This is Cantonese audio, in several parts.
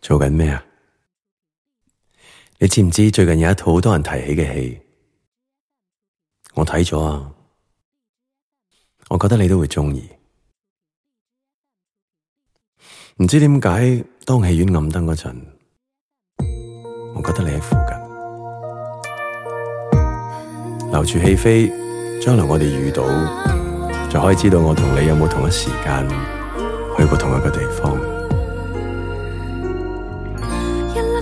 做緊咩啊？你知唔知最近有一套好多人提起嘅戲？我睇咗啊，我覺得你都會鍾意。唔知點解當戲院暗燈嗰陣，我覺得你喺附近。留住戲飛，將來我哋遇到，就可以知道我同你有冇同一時間去過同一個地方。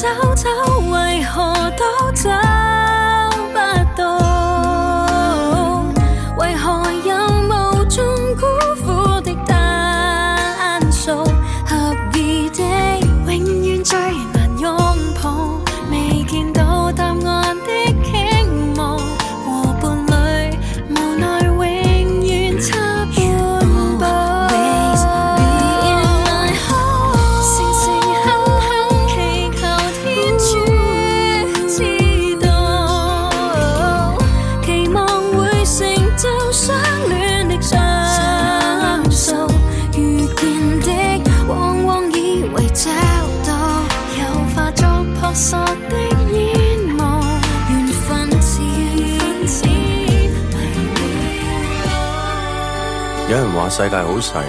找找，為何都找不到？有人話世界好細，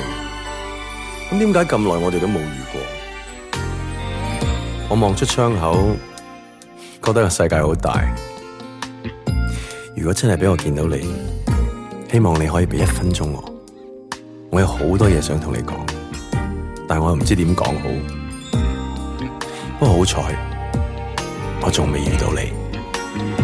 咁點解咁耐我哋都冇遇過？我望出窗口，覺得個世界好大。如果真係俾我見到你，希望你可以俾一分鐘我，我有好多嘢想同你講，但我又唔知點講好。不過好彩，我仲未遇到你。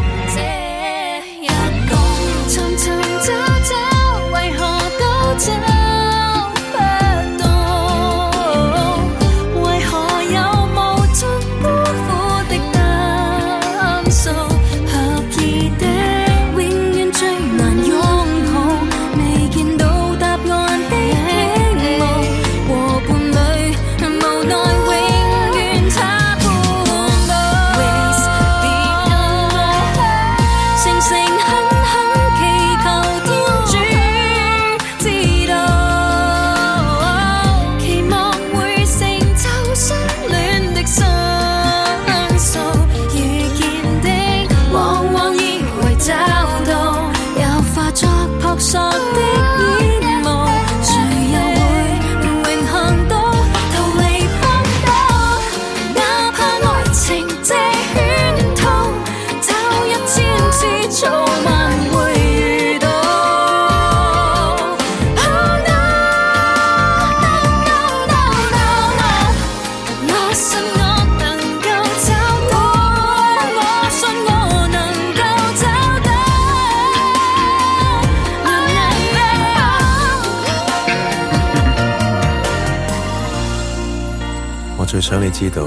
最想你知道，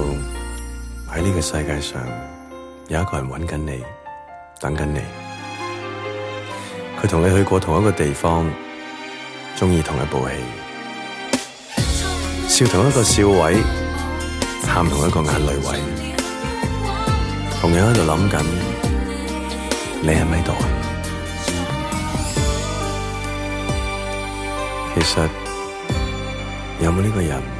喺呢個世界上有一個人揾緊你，等緊你。佢同你去過同一個地方，鍾意同一部戲，笑同一個笑位，喊同一個眼淚位，同樣喺度諗緊，你喺唔喺度？其實有冇呢個人？